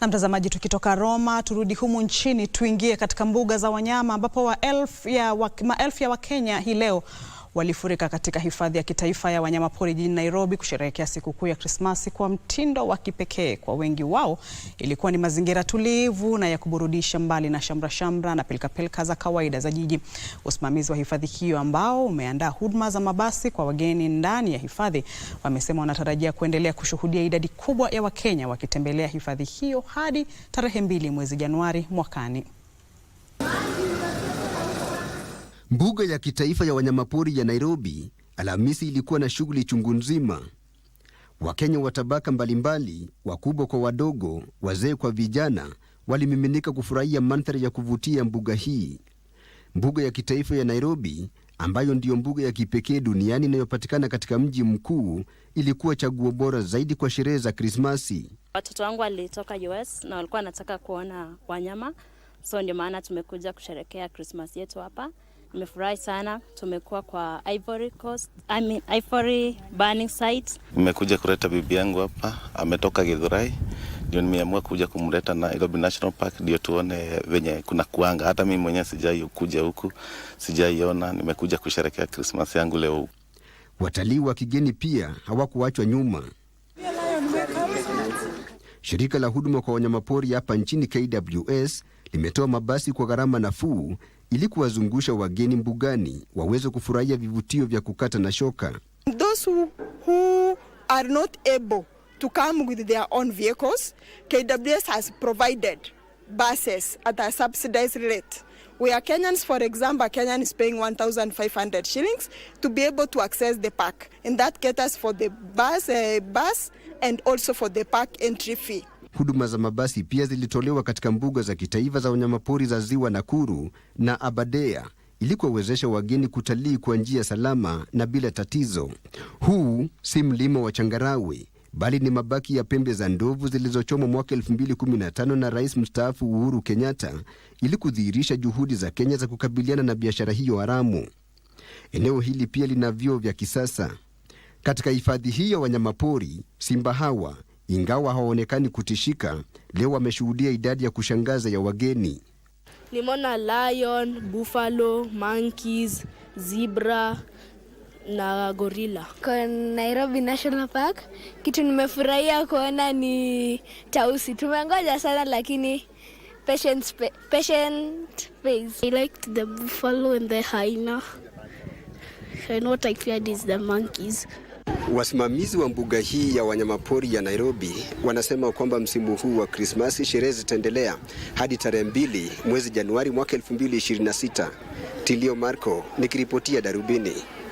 Na mtazamaji, tukitoka Roma turudi humu nchini, tuingie katika mbuga za wanyama ambapo maelfu ya Wakenya hii leo walifurika katika hifadhi ya kitaifa ya wanyamapori jijini Nairobi kusherehekea sikukuu ya Krismasi kwa mtindo wa kipekee. Kwa wengi wao ilikuwa ni mazingira tulivu na ya kuburudisha, mbali na shamra shamra na pilkapilka za kawaida za jiji. Usimamizi wa hifadhi hiyo ambao umeandaa huduma za mabasi kwa wageni ndani ya hifadhi, wamesema wanatarajia kuendelea kushuhudia idadi kubwa ya Wakenya wakitembelea hifadhi hiyo hadi tarehe mbili mwezi Januari mwakani. Mbuga ya kitaifa ya wanyamapori ya Nairobi Alhamisi ilikuwa na shughuli chungu nzima. Wakenya wa tabaka mbalimbali, wakubwa kwa wadogo, wazee kwa vijana, walimiminika kufurahia mandhari ya kuvutia mbuga hii. Mbuga ya kitaifa ya Nairobi ambayo ndiyo mbuga ya kipekee duniani inayopatikana katika mji mkuu ilikuwa chaguo bora zaidi kwa sherehe za Krismasi. Watoto wangu walitoka US na walikuwa wanataka kuona wanyama, so ndio maana tumekuja kusherekea Krismasi yetu hapa. Nimefurahi sana, tumekuwa kwa Ivory Coast, I mean, Ivory burning site. Nimekuja kuleta bibi yangu hapa, ametoka Githurai, ndio nimeamua kuja kumleta na Nairobi National Park ndio tuone venye kuna kuanga. Hata mimi mwenyewe sijai kuja huku, sijaiona. Nimekuja kusherekea Krismas yangu leo. Watalii wa kigeni pia hawakuachwa nyuma. Shirika la huduma kwa wanyamapori hapa nchini KWS limetoa mabasi kwa gharama nafuu ili kuwazungusha wageni mbugani waweze kufurahia vivutio vya kukata na shoka. Those who, are not able to come with their own vehicles, KWS has provided buses at a subsidized rate. Kenyans, for example, Kenyan is paying 1,500 shillings to be able to access the park. And that caters for the bus, uh, bus and also for the park entry fee. Huduma za mabasi pia zilitolewa katika mbuga za kitaifa za wanyamapori za Ziwa Nakuru na Abadea ili kuwawezesha wageni kutalii kwa njia salama na bila tatizo. Huu si mlima wa changarawe bali ni mabaki ya pembe za ndovu zilizochomwa mwaka 2015 na rais mstaafu Uhuru Kenyatta ili kudhihirisha juhudi za Kenya za kukabiliana na biashara hiyo haramu. Eneo hili pia lina vyoo vya kisasa katika hifadhi hii ya wanyamapori, simba hawa ingawa hawaonekani kutishika, leo wameshuhudia idadi ya kushangaza ya wageni. Nimeona lion, buffalo, monkeys, zebra na gorila. Kwa Nairobi National Park, kitu nimefurahia kuona ni tausi. Tumengoja sana lakini patient patient I liked the buffalo and the hyena. And what I feared is the monkeys. Wasimamizi wa mbuga hii ya wanyamapori ya Nairobi wanasema kwamba msimu huu wa Krismasi sherehe zitaendelea hadi tarehe mbili mwezi Januari mwaka 2026. Tilio Marco nikiripotia Darubini.